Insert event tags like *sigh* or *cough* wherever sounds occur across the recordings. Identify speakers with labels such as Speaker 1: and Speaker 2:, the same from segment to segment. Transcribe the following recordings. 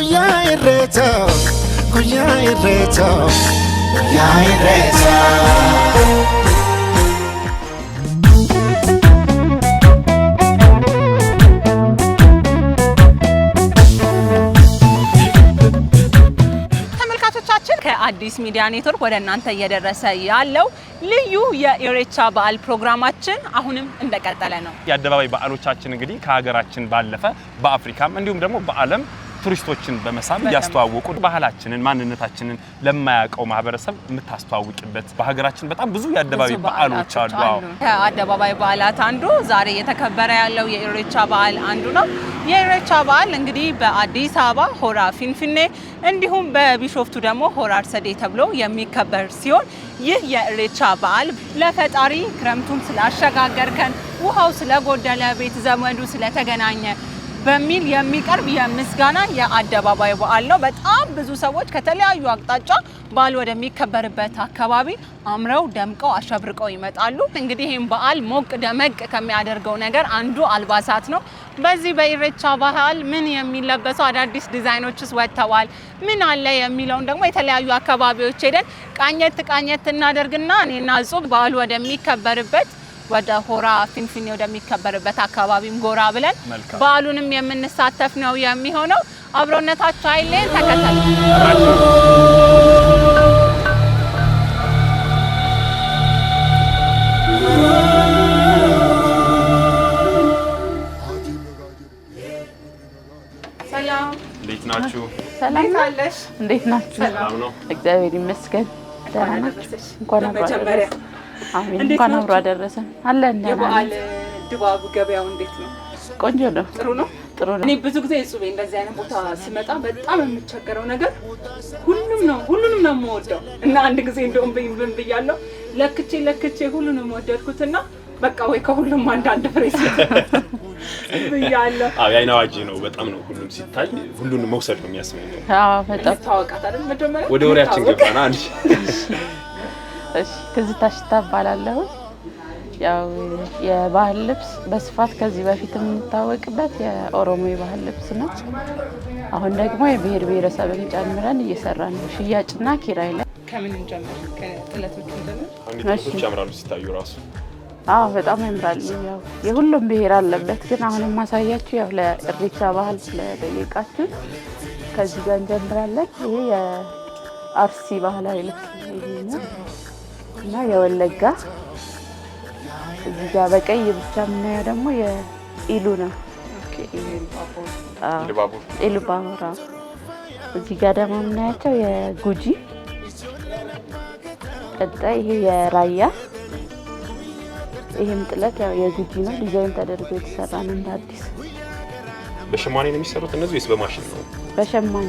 Speaker 1: Guyyaa irreetaa, guyyaa irreetaa, guyyaa irreetaa. አዲስ ሚዲያ ኔትወርክ ወደ እናንተ እየደረሰ ያለው ልዩ የኢሬቻ በዓል ፕሮግራማችን አሁንም እንደቀጠለ ነው።
Speaker 2: የአደባባይ በዓሎቻችን እንግዲህ ከሀገራችን ባለፈ በአፍሪካም እንዲሁም ደግሞ በዓለም ቱሪስቶችን በመሳብ እያስተዋወቁ ባህላችንን፣ ማንነታችንን ለማያውቀው ማህበረሰብ የምታስተዋውቅበት በሀገራችን በጣም ብዙ የአደባባይ በዓሎች አሉ።
Speaker 1: ከአደባባይ በዓላት አንዱ ዛሬ እየተከበረ ያለው የኢሬቻ በዓል አንዱ ነው። የኢሬቻ በዓል እንግዲህ በአዲስ አበባ ሆራ ፊንፊኔ እንዲሁም በቢሾፍቱ ደግሞ ሆራ አርሰዴ ተብሎ የሚከበር ሲሆን ይህ የኢሬቻ በዓል ለፈጣሪ ክረምቱን ስላሸጋገርከን፣ ውሃው ስለጎደለ፣ ቤት ዘመዱ ስለተገናኘ በሚል የሚቀርብ የምስጋና የአደባባይ በዓል ነው። በጣም ብዙ ሰዎች ከተለያዩ አቅጣጫ በዓል ወደሚከበርበት አካባቢ አምረው ደምቀው አሸብርቀው ይመጣሉ። እንግዲህ ይህም በዓል ሞቅ ደመቅ ከሚያደርገው ነገር አንዱ አልባሳት ነው። በዚህ በኢሬቻ ባህል ምን የሚለበሰው አዳዲስ ዲዛይኖችስ ወጥተዋል፣ ምን አለ የሚለውን ደግሞ የተለያዩ አካባቢዎች ሄደን ቃኘት ቃኘት እናደርግና እኔና እጹብ በዓል ወደሚከበርበት ወደ ሆራ ፊንፊኔ ወደሚከበርበት አካባቢም ጎራ ብለን በዓሉንም የምንሳተፍ ነው የሚሆነው። አብሮነታቸው አይለየን። ተከተሉ።
Speaker 3: እንዴት ናችሁ? እንዴት ናችሁ?
Speaker 4: እግዚአብሔር ይመስገን።
Speaker 5: ደህና ናችሁ?
Speaker 4: እንኳን እንኳን አብሮ አደረሰን
Speaker 5: አለ። የበዓል ድባቡ ገበያው እንዴት ነው? ቆንጆ ነው። ጥሩ ነው። ጥሩ ነው። እኔ ብዙ ጊዜ እጹቤ እንደዚህ አይነት ቦታ ስመጣ በጣም የምቸገረው ነገር ሁሉም ነው ሁሉንም ነው የምወደው እና አንድ ጊዜ እንደውም ብን ብያለሁ ለክቼ ለክቼ ሁሉንም ወደድኩትና በቃ ወይ ከሁሉም አንዳንድ ፍሬ
Speaker 3: ብያለሁ። አዎ የዓይን ነው። በጣም ነው ሁሉም ሲታይ ሁሉንም መውሰድ ነው የሚያስመኘው።
Speaker 4: አዎ
Speaker 5: በጣም መጀመሪያ
Speaker 3: ወደ ወሬያችን ገባና አንቺ
Speaker 4: እሺ ትዝታ ሽታ እባላለሁ። ያው የባህል ልብስ በስፋት ከዚህ በፊት የምንታወቅበት የኦሮሞ የባህል ልብስ ነች። አሁን ደግሞ የብሔር ብሔረሰብን ጨምረን እየሰራ ነው። ሽያጭና ኪራይ ላይ
Speaker 5: ከምንም
Speaker 3: ሲታዩ ራሱ
Speaker 4: አዎ በጣም ያምራሉ። ያው የሁሉም ብሔር አለበት፣ ግን አሁን የማሳያችሁ ያው ለኢሬቻ ባህል ስለጠየቃችሁ ከዚህ ጋር እንጀምራለን። ይሄ የአርሲ ባህላዊ ልብስ ነው። እና የወለጋ እዚህ በቀይ ብቻ የምናየው ደግሞ የኢሉ ነው። ኢሉ ባቡር። እዚህ ጋ ደግሞ የምናያቸው የጉጂ ቀጣይ፣ ይሄ የራያ ይሄም ጥለት ያው የጉጂ ነው። ዲዛይን ተደርጎ የተሰራ ነው እንደ አዲስ።
Speaker 3: በሸማኔ ነው የሚሰሩት እነዚህ ወይስ በማሽን ነው?
Speaker 4: በሸማኔ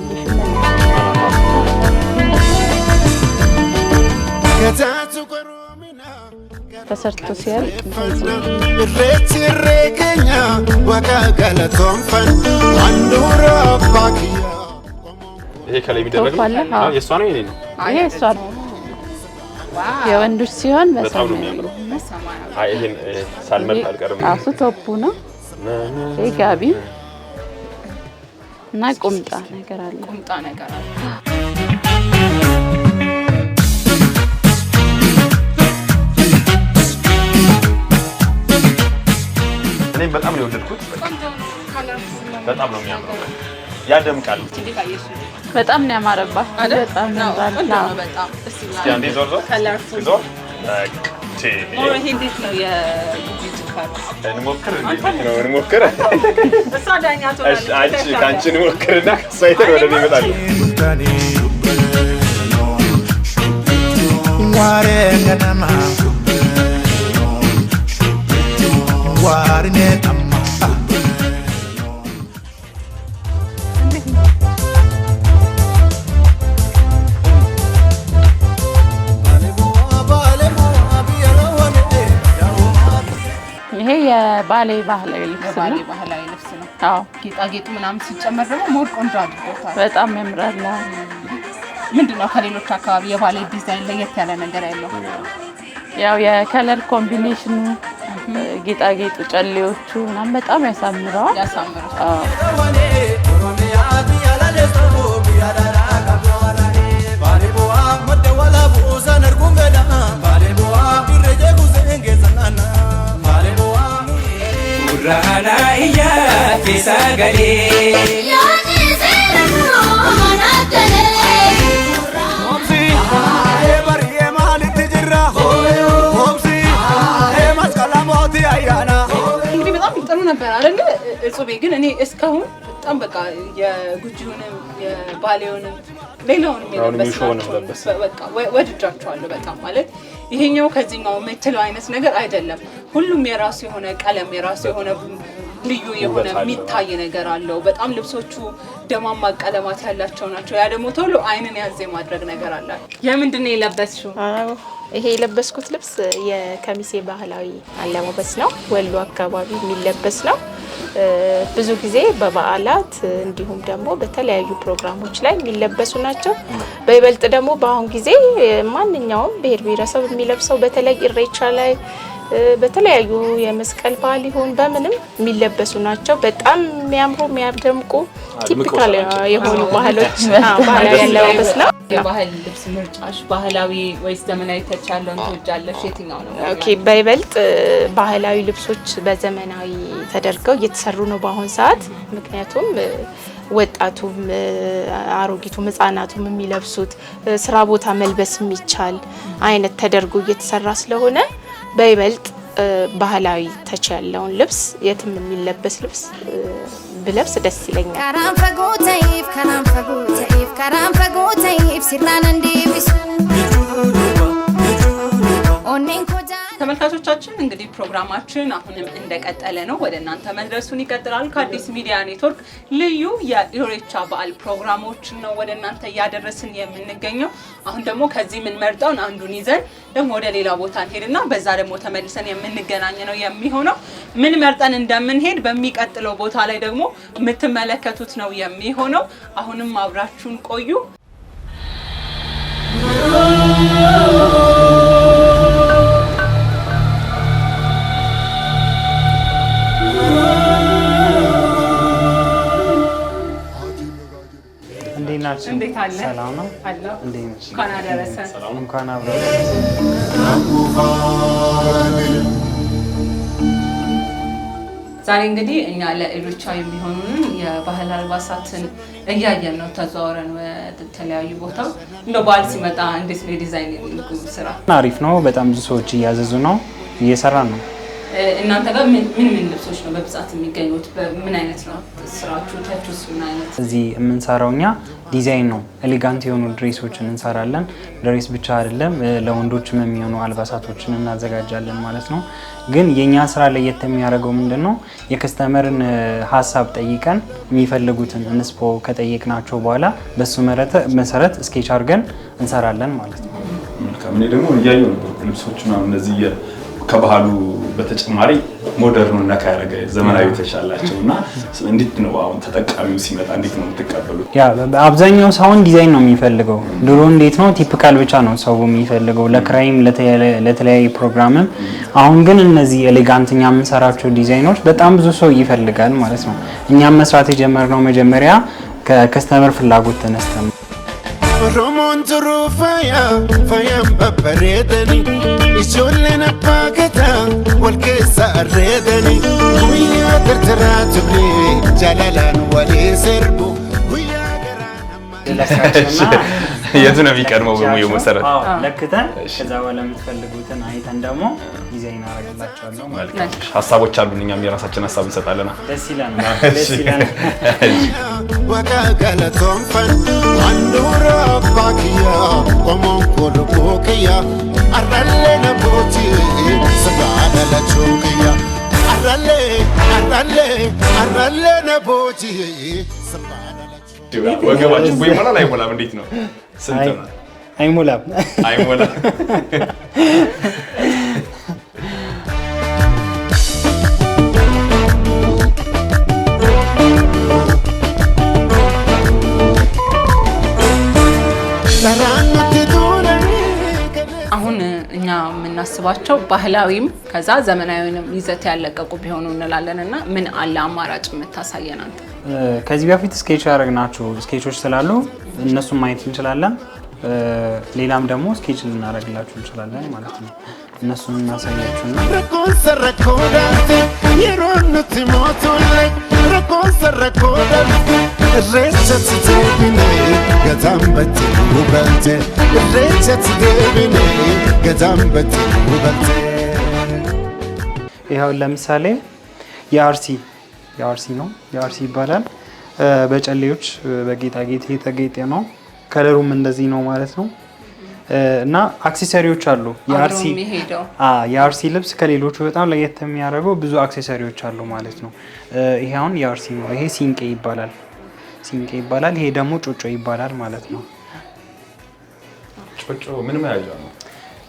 Speaker 4: ተሰርቶ ሲያልቅ
Speaker 3: ይሄ ከላይ የሚደረግ የእሷ ነው የኔ
Speaker 4: ይሄ እሷ ነው የወንዶች ሲሆን
Speaker 3: በጣም ነው የሚያምረው። ይሄን ሳልመርጥ አልቀርም።
Speaker 4: እሱ ቶፑ ነው። ይሄ ጋቢ እና ቁምጣ ነገር
Speaker 5: አለ።
Speaker 3: የወደድኩት። በጣም ነው የሚያምረው፣ ያደምቃል።
Speaker 4: በጣም ነው ያማረባት። በጣም ነው
Speaker 5: በጣም
Speaker 3: እስቲ አንዴ ዞር ዞር ዞር እንሞክር
Speaker 4: ባሌ ባህላዊ ልብስ
Speaker 5: ነው። ባህላዊ ልብስ ነው። አዎ ጌጣጌጡ ምናምን ሲጨመር ደግሞ ሞር ቆንጆ አድርጎታል።
Speaker 4: በጣም ያምራል።
Speaker 5: ምንድን ነው ከሌሎች አካባቢ የባሌ ዲዛይን ለየት ያለ ነገር ያለው?
Speaker 4: ያው የከለር ኮምቢኔሽኑ ጌጣጌጡ፣ ጨሌዎቹ ምናምን በጣም ያሳምረዋል።
Speaker 5: ነገሬ እንግዲህ በጣም ጥሩ ነበር እጹቤ ግን እኔ እስካሁን በጣም በቃ የጉጂውንም የባሌውንም ሌላውንም
Speaker 3: የለበስናቸው
Speaker 5: ወድጃቸዋለሁ በጣም ማለት ይሄኛው ከዚህኛው የምትለው አይነት ነገር አይደለም። ሁሉም የራሱ የሆነ ቀለም የራሱ የሆነ ልዩ የሆነ የሚታይ ነገር አለው። በጣም ልብሶቹ ደማማ ቀለማት ያላቸው ናቸው። ያ ደግሞ ቶሎ አይንን ያዘ የማድረግ ነገር አላቸው። የምንድን ነው የለበስሽው?
Speaker 4: ይሄ የለበስኩት ልብስ የከሚሴ ባህላዊ አለባበስ ነው። ወሎ አካባቢ የሚለበስ ነው። ብዙ ጊዜ በበዓላት እንዲሁም ደግሞ በተለያዩ ፕሮግራሞች ላይ የሚለበሱ ናቸው። በይበልጥ ደግሞ በአሁን ጊዜ ማንኛውም ብሔር ብሔረሰብ የሚለብሰው በተለይ እሬቻ ላይ በተለያዩ የመስቀል በዓል ይሁን በምንም የሚለበሱ ናቸው። በጣም የሚያምሩ የሚያደምቁ ቲፒካል የሆኑ ባህሎች *laughs* ባህላዊ ያለባበስ ነው።
Speaker 5: የባህል ልብስ ምርጫሽ ባህላዊ ወይስ ዘመናዊ ተቻለውን ትወጃለሽ? የትኛው
Speaker 4: ነው? በይበልጥ ባህላዊ ልብሶች በዘመናዊ ተደርገው እየተሰሩ ነው በአሁን ሰዓት። ምክንያቱም ወጣቱም አሮጊቱም ህጻናቱም የሚለብሱት ስራ ቦታ መልበስ የሚቻል አይነት ተደርጎ እየተሰራ ስለሆነ በይበልጥ ባህላዊ ተች ያለውን ልብስ የትም የሚለበስ ልብስ ብለብስ ደስ ይለኛል።
Speaker 1: ተመልካቾቻችን እንግዲህ ፕሮግራማችን አሁንም እንደቀጠለ ነው፣ ወደ እናንተ መድረሱን ይቀጥላል። ከአዲስ ሚዲያ ኔትወርክ ልዩ የኢሬቻ በዓል ፕሮግራሞችን ነው ወደ እናንተ እያደረስን የምንገኘው። አሁን ደግሞ ከዚህ የምንመርጠውን አንዱን ይዘን ደግሞ ወደ ሌላ ቦታ እንሄድና በዛ ደግሞ ተመልሰን የምንገናኝ ነው የሚሆነው። ምን መርጠን እንደምንሄድ በሚቀጥለው ቦታ ላይ ደግሞ የምትመለከቱት ነው የሚሆነው። አሁንም አብራችሁን ቆዩ።
Speaker 2: ናችሁ?
Speaker 5: እንዴት አለ? ዛሬ እንግዲህ እኛ ለኢሬቻ የሚሆኑን የባህል አልባሳትን እያየን ነው፣ ተዘዋውረን የተለያዩ ቦታ። እንደ በዓል ሲመጣ እንዴት ነው የዲዛይን ስራ?
Speaker 2: አሪፍ ነው። በጣም ብዙ ሰዎች እያዘዙ ነው፣ እየሰራ ነው
Speaker 5: እናንተ ጋር ምን ምን ልብሶች ነው በብዛት የሚገኙት? ምን አይነት ነው ስራዎቻችሁስ? ምን አይነት
Speaker 2: እዚህ የምንሰራው እኛ ዲዛይን ነው። ኤሌጋንት የሆኑ ድሬሶችን እንሰራለን። ድሬስ ብቻ አይደለም፣ ለወንዶችም የሚሆኑ አልባሳቶችን እናዘጋጃለን ማለት ነው። ግን የእኛ ስራ ለየት የሚያደርገው ምንድን ነው? የከስተመርን ሀሳብ ጠይቀን የሚፈልጉትን እንስፖ ከጠየቅናቸው በኋላ በሱ መሰረት እስኬች አድርገን እንሰራለን ማለት ነው።
Speaker 3: መልካም። እኔ ደግሞ እያየሁ ነበር ልብሶች እነዚህ ከባህሉ በተጨማሪ ሞደርኑ ነካ ያደረገ ዘመናዊ ተሻላቸው እና እንዴት ነው አሁን ተጠቃሚው ሲመጣ እንዴት ነው የምትቀበሉት?
Speaker 2: ያ አብዛኛው ሳውንድ ዲዛይን ነው የሚፈልገው። ድሮ እንዴት ነው ቲፒካል ብቻ ነው ሰው የሚፈልገው ለክራይም ለተለያየ ፕሮግራምም። አሁን ግን እነዚህ ኤሌጋንት እኛ የምንሰራቸው ዲዛይኖች በጣም ብዙ ሰው ይፈልጋል ማለት ነው። እኛም መስራት የጀመርነው መጀመሪያ ከከስተመር ፍላጎት ተነስተን Oromoon turuu faaya faayaan babbareedani ijoolleen abbaa gadaa wal keessa arreedani guyyaa tartaraa tublee jaalalaan walee serbu guyyaa garaa
Speaker 3: የቱ ነው የሚቀድመው? በሙየ መሰረት
Speaker 2: ለክተን ከዛ በኋላ የምትፈልጉትን አይተን ደግሞ ዲዛይን አደርግላቸዋለሁ
Speaker 3: ማለት ነው። ሀሳቦች አሉ። እኛም የራሳችን ሀሳብ እንሰጣለና
Speaker 2: ደስ ይላል። Dura bakia, komo kolo kokia, arale na
Speaker 3: boti, sabana la chokia, arale, arale, arale na boti, sabana la chokia. ወገባችን ይሞላል አይሞላም? እንዴት ነው? ስንት ነው? አይሞላም አይሞላም
Speaker 5: ስናስባቸው ባህላዊም ከዛ ዘመናዊንም ይዘት ያለቀቁ ቢሆኑ እንላለን። እና ምን አለ አማራጭ የምታሳየን አንተ?
Speaker 2: ከዚህ በፊት ስኬች ያደረግናቸው ስኬቾች ስላሉ እነሱን ማየት እንችላለን። ሌላም ደግሞ ስኬች ልናደርግላችሁ እንችላለን ማለት ነው። እነሱን እናሳያችሁ ነው። ይኸው ለምሳሌ የአርሲ የአርሲ ነው የአርሲ ይባላል። በጨሌዎች በጌጣጌጥ የተጌጠ ነው። ከለሩም እንደዚህ ነው ማለት ነው። እና አክሴሰሪዎች አሉ። የአርሲ ልብስ ከሌሎቹ በጣም ለየት የሚያደርገው ብዙ አክሴሰሪዎች አሉ ማለት ነው። ይሄ አሁን የአርሲ ነው። ይሄ ሲንቄ ይባላል። ሲንቄ ይባላል። ይሄ ደግሞ ጮጮ ይባላል ማለት ነው።
Speaker 3: ጮጮ ምን መያዣ ነው?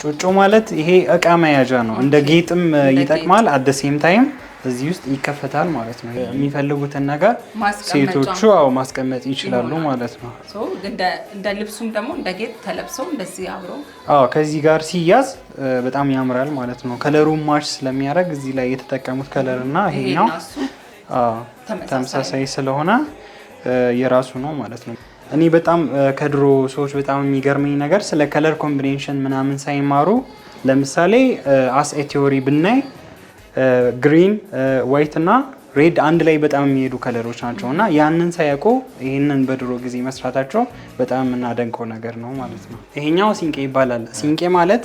Speaker 2: ጮጮ ማለት ይሄ እቃ መያዣ ነው። እንደ ጌጥም ይጠቅማል። አደ ሴም ታይም እዚህ ውስጥ ይከፈታል ማለት ነው። የሚፈልጉትን ነገር ሴቶቹ አዎ ማስቀመጥ ይችላሉ ማለት ነው።
Speaker 5: እንደ ልብሱም ደግሞ እንደ ጌጥ ተለብሰው እንደዚህ አብሮ
Speaker 2: አዎ ከዚህ ጋር ሲያዝ በጣም ያምራል ማለት ነው። ከለሩ ማች ስለሚያደርግ እዚህ ላይ የተጠቀሙት ከለር እና ይሄኛው ተመሳሳይ ስለሆነ የራሱ ነው ማለት ነው። እኔ በጣም ከድሮ ሰዎች በጣም የሚገርመኝ ነገር ስለ ከለር ኮምቢኔሽን ምናምን ሳይማሩ ለምሳሌ አስ ኤ ብናይ ግሪን ዋይት እና ሬድ አንድ ላይ በጣም የሚሄዱ ከለሮች ናቸው እና ያንን ሳያውቁ ይህንን በድሮ ጊዜ መስራታቸው በጣም የምናደንቀው ነገር ነው ማለት ነው። ይሄኛው ሲንቄ ይባላል። ሲንቄ ማለት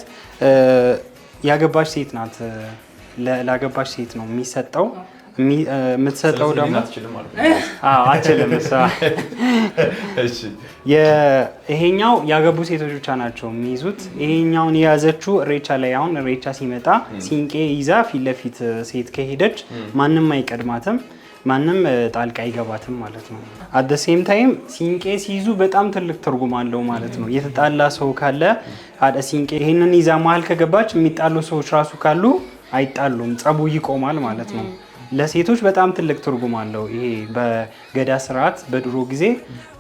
Speaker 2: ያገባች ሴት ናት፣ ላገባች ሴት ነው የሚሰጠው የምትሰጠው ደግሞ አችልም። *laughs* ይሄኛው ያገቡ ሴቶች ብቻ ናቸው የሚይዙት። ይሄኛውን የያዘችው ሬቻ ላይ አሁን ሬቻ ሲመጣ ሲንቄ ይዛ ፊት ለፊት ሴት ከሄደች ማንም አይቀድማትም፣ ማንም ጣልቃ አይገባትም ማለት ነው። አደ ሴም ታይም ሲንቄ ሲይዙ በጣም ትልቅ ትርጉም አለው ማለት ነው። የተጣላ ሰው ካለ አደ ሲንቄ ይህንን ይዛ መሀል ከገባች የሚጣሉ ሰዎች ራሱ ካሉ አይጣሉም፣ ጸቡ ይቆማል ማለት ነው። ለሴቶች በጣም ትልቅ ትርጉም አለው። ይሄ በገዳ ስርዓት በድሮ ጊዜ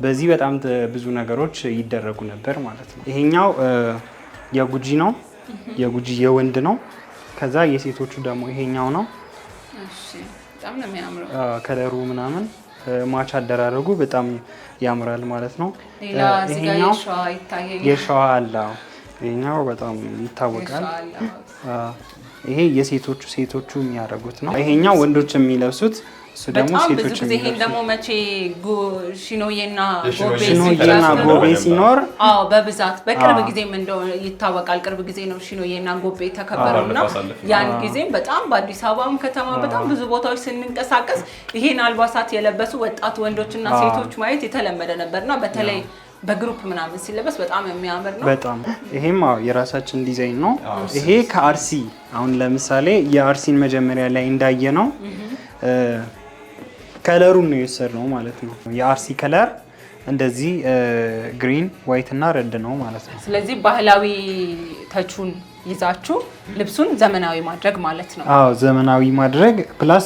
Speaker 2: በዚህ በጣም ብዙ ነገሮች ይደረጉ ነበር ማለት ነው። ይሄኛው የጉጂ ነው። የጉጂ የወንድ ነው። ከዛ የሴቶቹ ደግሞ ይሄኛው ነው። ከለሩ ምናምን ማች አደራረጉ በጣም ያምራል ማለት ነው። ይሄኛው የሸዋ አለ። ይሄኛው በጣም ይታወቃል። ይሄ የሴቶቹ ሴቶቹ የሚያደርጉት ነው። ይሄኛው ወንዶች የሚለብሱት
Speaker 5: እሱ ደግሞ ሴቶች ይሄን ደግሞ መቼ ሽኖዬና
Speaker 2: ጎቤ ሲኖር
Speaker 5: በብዛት በቅርብ ጊዜም እንደሆነ ይታወቃል። ቅርብ ጊዜ ነው ሽኖዬና ጎቤ የተከበረውና ያን ጊዜም በጣም በአዲስ አበባም ከተማ በጣም ብዙ ቦታዎች ስንንቀሳቀስ ይሄን አልባሳት የለበሱ ወጣት ወንዶችና ሴቶች ማየት የተለመደ ነበርና በተለይ በግሩፕ ምናምን ሲለበስ በጣም የሚያምር
Speaker 2: ነው። በጣም ይሄም የራሳችን ዲዛይን ነው። ይሄ ከአርሲ አሁን ለምሳሌ የአርሲን መጀመሪያ ላይ እንዳየ ነው ከለሩን ነው የወሰድነው ማለት ነው። የአርሲ ከለር እንደዚህ ግሪን፣ ዋይት እና ረድ ነው ማለት ነው።
Speaker 5: ስለዚህ ባህላዊ ተቹን ይዛችሁ ልብሱን ዘመናዊ ማድረግ ማለት
Speaker 2: ነው። አዎ ዘመናዊ ማድረግ ፕላስ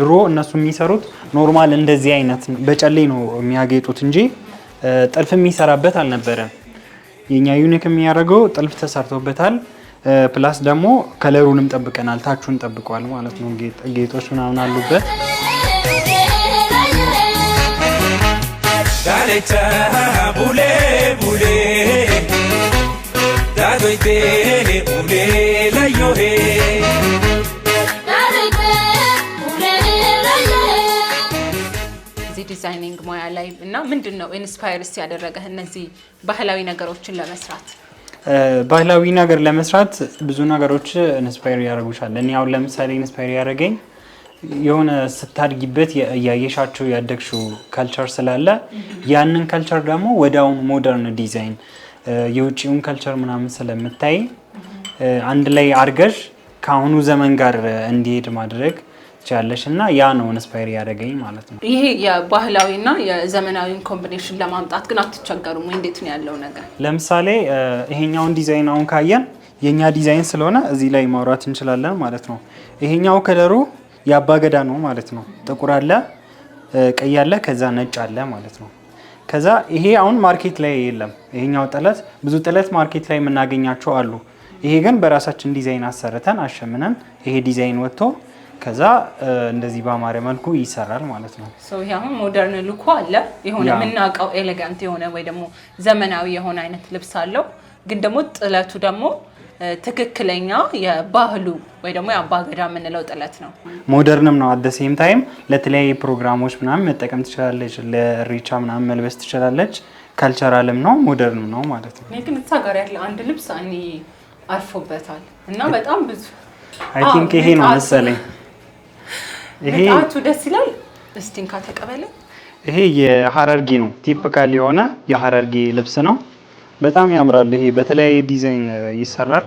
Speaker 2: ድሮ እነሱ የሚሰሩት ኖርማል እንደዚህ አይነት በጨሌ ነው የሚያጌጡት እንጂ ጥልፍ የሚሰራበት አልነበረም። የኛ ዩኒክ የሚያደርገው ጥልፍ ተሰርቶበታል። ፕላስ ደግሞ ከለሩንም ጠብቀናል፣ ታቹን ጠብቋል ማለት ነው። ጌጦች ምናምን አሉበት። ቡሌ
Speaker 5: የዲዛይኒንግ ሙያ ላይ እና ምንድን ነው ኢንስፓየርስ ያደረገ እነዚህ ባህላዊ ነገሮችን ለመስራት?
Speaker 2: ባህላዊ ነገር ለመስራት ብዙ ነገሮች ኢንስፓየር ያደርጉሻል። እኔ አሁን ለምሳሌ ኢንስፓየር ያደረገኝ የሆነ ስታድጊበት እያየሻቸው ያደግሽው ካልቸር ስላለ ያንን ካልቸር ደግሞ ወደ አሁን ሞደርን ዲዛይን የውጭውን ካልቸር ምናምን ስለምታይ አንድ ላይ አድርገሽ ከአሁኑ ዘመን ጋር እንዲሄድ ማድረግ ትችላለሽ እና ያ ነው ኢንስፓየር ያደረገኝ ማለት ነው።
Speaker 5: ይሄ የባህላዊና የዘመናዊን ኮምቢኔሽን ለማምጣት ግን አትቸገሩም ወይ? እንዴት ነው ያለው ነገር?
Speaker 2: ለምሳሌ ይሄኛውን ዲዛይን አሁን ካየን የእኛ ዲዛይን ስለሆነ እዚህ ላይ ማውራት እንችላለን ማለት ነው። ይሄኛው ከለሩ የአባገዳ ነው ማለት ነው። ጥቁር አለ፣ ቀይ አለ፣ ከዛ ነጭ አለ ማለት ነው። ከዛ ይሄ አሁን ማርኬት ላይ የለም። ይሄኛው ጥለት ብዙ ጥለት ማርኬት ላይ የምናገኛቸው አሉ። ይሄ ግን በራሳችን ዲዛይን አሰርተን አሸምነን ይሄ ዲዛይን ወጥቶ ከዛ እንደዚህ በአማረ መልኩ ይሰራል ማለት ነው።
Speaker 5: ይሄ አሁን ሞደርን ልኩ አለ የሆነ የምናውቀው ኤሌጋንት የሆነ ወይ ደግሞ ዘመናዊ የሆነ አይነት ልብስ አለው። ግን ደግሞ ጥለቱ ደግሞ ትክክለኛ የባህሉ ወይ ደግሞ የአባገዳ የምንለው ጥለት ነው።
Speaker 2: ሞደርንም ነው አደ ሴም ታይም ለተለያዩ ፕሮግራሞች ምናምን መጠቀም ትችላለች። ለሪቻ ምናምን መልበስ ትችላለች። ካልቸራልም ነው ሞደርንም ነው ማለት
Speaker 5: ነው። ግን እታ ጋር ያለ አንድ ልብስ እኔ አርፎበታል እና በጣም ብዙ
Speaker 2: አይ ቲንክ ይሄ ነው መሰለኝ
Speaker 5: ይሄ ደስ ይላል። እስቲ እንካ ተቀበለ።
Speaker 2: ይሄ የሀረርጌ ነው። ቲፒካል የሆነ የሀረርጌ ልብስ ነው። በጣም ያምራል። ይሄ በተለያየ ዲዛይን ይሰራል።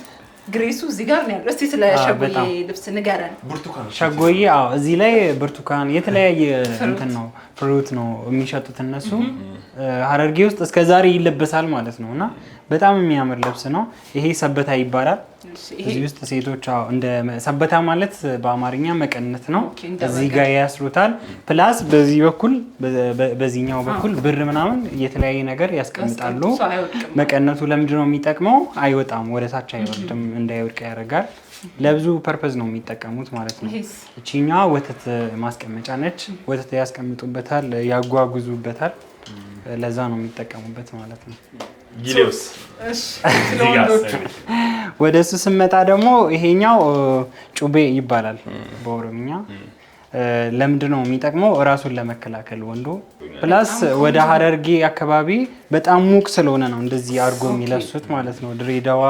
Speaker 5: ግሬሱ እዚህ ጋር ነው ያለው። እስቲ ስለ ሸጎዬ ልብስ ንገረን።
Speaker 2: ሸጎዬ እዚህ ላይ ብርቱካን የተለያየ እንትን ነው ፍሩት ነው የሚሸጡት እነሱ ሀረርጌ ውስጥ እስከ ዛሬ ይለበሳል ማለት ነው። እና በጣም የሚያምር ልብስ ነው ይሄ ሰበታ ይባላል። እዚህ ውስጥ ሴቶች እንደ ሰበታ ማለት በአማርኛ መቀነት ነው። እዚህ ጋር ያስሩታል። ፕላስ በዚህ በኩል በዚህኛው በኩል ብር ምናምን የተለያየ ነገር ያስቀምጣሉ። መቀነቱ ነው የሚጠቅመው? አይወጣም፣ ወደ ታች አይወርድም፣ እንዳይወድቅ ያደርጋል። ለብዙ ፐርፐዝ ነው የሚጠቀሙት ማለት ነው። እቺኛ ወተት ማስቀመጫ ነች። ወተት ያስቀምጡበታል፣ ያጓጉዙበታል። ለዛ ነው የሚጠቀሙበት ማለት ነው። ወደ እሱ ስመጣ ደግሞ ይሄኛው ጩቤ ይባላል በኦሮምኛ ለምንድን ነው የሚጠቅመው? እራሱን ለመከላከል ወንዶ ፕላስ ወደ ሀረርጌ አካባቢ በጣም ሙቅ ስለሆነ ነው እንደዚህ አድርጎ የሚለብሱት ማለት ነው። ድሬዳዋ፣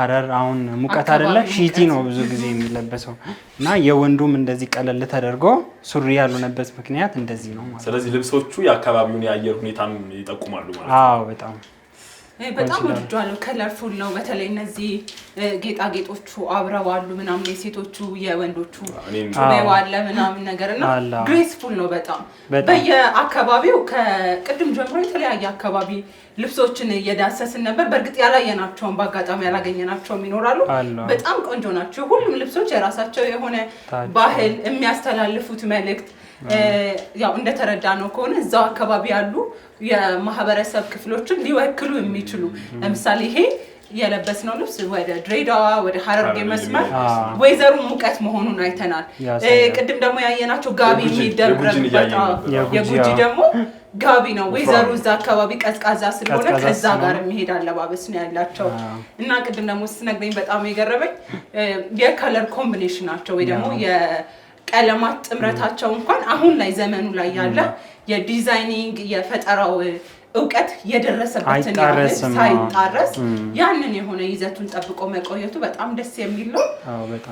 Speaker 2: ሀረር አሁን ሙቀት አይደለ ሺቲ ነው ብዙ ጊዜ የሚለበሰው እና የወንዱም እንደዚህ ቀለል ተደርጎ ሱሪ ያልሆነበት ምክንያት እንደዚህ ነው ማለት።
Speaker 3: ስለዚህ ልብሶቹ የአካባቢውን የአየር ሁኔታም ይጠቁማሉ ማለት
Speaker 2: ነው። አዎ በጣም
Speaker 5: በጣም ወድጃለሁ። ከለርፉል ነው። በተለይ እነዚህ ጌጣጌጦቹ አብረው አሉ ምናምን የሴቶቹ የወንዶቹ ዋለ ምናምን ነገር እና ግሬስፉል ነው በጣም በየአካባቢው ከቅድም ጀምሮ የተለያየ አካባቢ ልብሶችን እየዳሰስን ነበር። በእርግጥ ያላየናቸውም በአጋጣሚ ያላገኘናቸውም ይኖራሉ። በጣም ቆንጆ ናቸው። ሁሉም ልብሶች የራሳቸው የሆነ ባህል የሚያስተላልፉት መልእክት ያው እንደተረዳ ነው ከሆነ እዛው አካባቢ ያሉ የማህበረሰብ ክፍሎችን ሊወክሉ የሚችሉ ለምሳሌ ይሄ የለበስነው ልብስ ወደ ድሬዳዋ ወደ ሀረርጌ መስመር ወይዘሩ ሙቀት መሆኑን አይተናል። ቅድም ደግሞ ያየናቸው ጋቢ የሚደረግበት የጉጂ ደግሞ ጋቢ ነው። ወይዘሩ እዛ አካባቢ ቀዝቃዛ ስለሆነ ከዛ ጋር የሚሄድ አለባበስ ነው ያላቸው እና ቅድም ደግሞ ስትነግረኝ በጣም የገረመኝ የከለር ኮምቢኔሽን ናቸው ወይ ደግሞ ቀለማት ጥምረታቸው እንኳን አሁን ላይ ዘመኑ ላይ ያለ የዲዛይኒንግ የፈጠራው እውቀት የደረሰበትን
Speaker 2: ሳይጣረስ
Speaker 5: ያንን የሆነ ይዘቱን ጠብቆ መቆየቱ በጣም ደስ የሚል ነው።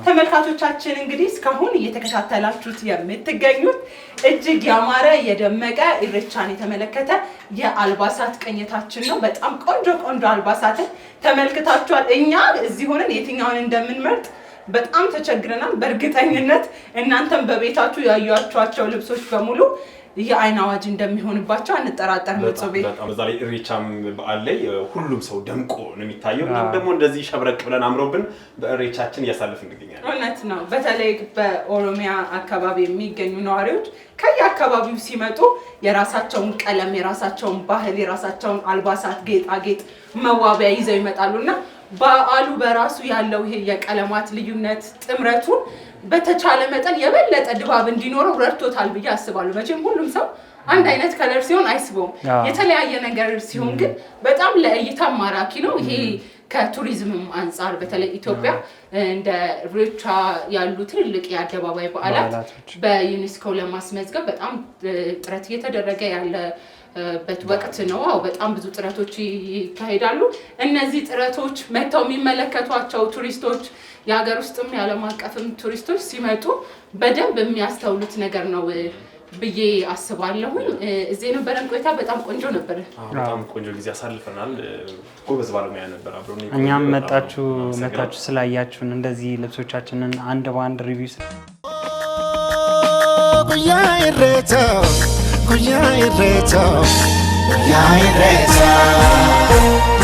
Speaker 5: ተመልካቾቻችን እንግዲህ እስካሁን እየተከታተላችሁት የምትገኙት እጅግ ያማረ የደመቀ ኢሬቻን የተመለከተ የአልባሳት ቅኝታችን ነው። በጣም ቆንጆ ቆንጆ አልባሳትን ተመልክታችኋል። እኛ እዚህ ሆነን የትኛውን እንደምንመርጥ በጣም ተቸግረናል። በእርግጠኝነት እናንተም በቤታችሁ ያዩቸኋቸው ልብሶች በሙሉ የአይን አዋጅ እንደሚሆንባቸው አንጠራጠር።
Speaker 3: ምጽቤ በዛ ላይ እሬቻም በዓል ላይ ሁሉም ሰው ደምቆ ነው የሚታየው። እም ደግሞ እንደዚህ ሸብረቅ ብለን አምሮብን በእሬቻችን እያሳለፍ እንገኛለን።
Speaker 5: እውነት ነው። በተለይ በኦሮሚያ አካባቢ የሚገኙ ነዋሪዎች ከየአካባቢው ሲመጡ የራሳቸውን ቀለም፣ የራሳቸውን ባህል፣ የራሳቸውን አልባሳት፣ ጌጣጌጥ፣ መዋቢያ ይዘው ይመጣሉ እና በዓሉ በራሱ ያለው ይሄ የቀለማት ልዩነት ጥምረቱን በተቻለ መጠን የበለጠ ድባብ እንዲኖረው ረድቶታል ብዬ አስባለሁ። መቼም ሁሉም ሰው አንድ አይነት ከለር ሲሆን አይስበውም። የተለያየ ነገር ሲሆን ግን በጣም ለእይታ ማራኪ ነው ይሄ ከቱሪዝምም አንጻር በተለይ ኢትዮጵያ እንደ ሬቻ ያሉ ትልልቅ የአደባባይ በዓላት በዩኔስኮ ለማስመዝገብ በጣም ጥረት እየተደረገ ያለበት ወቅት ነው። አዎ በጣም ብዙ ጥረቶች ይካሄዳሉ። እነዚህ ጥረቶች መጥተው የሚመለከቷቸው ቱሪስቶች የሀገር ውስጥም የዓለም አቀፍም ቱሪስቶች ሲመጡ በደንብ የሚያስተውሉት ነገር ነው። ብዬ አስባለሁኝ። እዚህ የነበረን ቆይታ በጣም ቆንጆ ነበረ።
Speaker 3: በጣም ቆንጆ ጊዜ አሳልፈናል። ጎበዝ ባለሙያ ነበር። አብሮ።
Speaker 2: እኛም መጣችሁ መታችሁ ስላያችሁን እንደዚህ ልብሶቻችንን አንድ በአንድ ሪቪው oh, ጉያ ይሬተው ጉያ ይሬተው ጉያ ይሬተው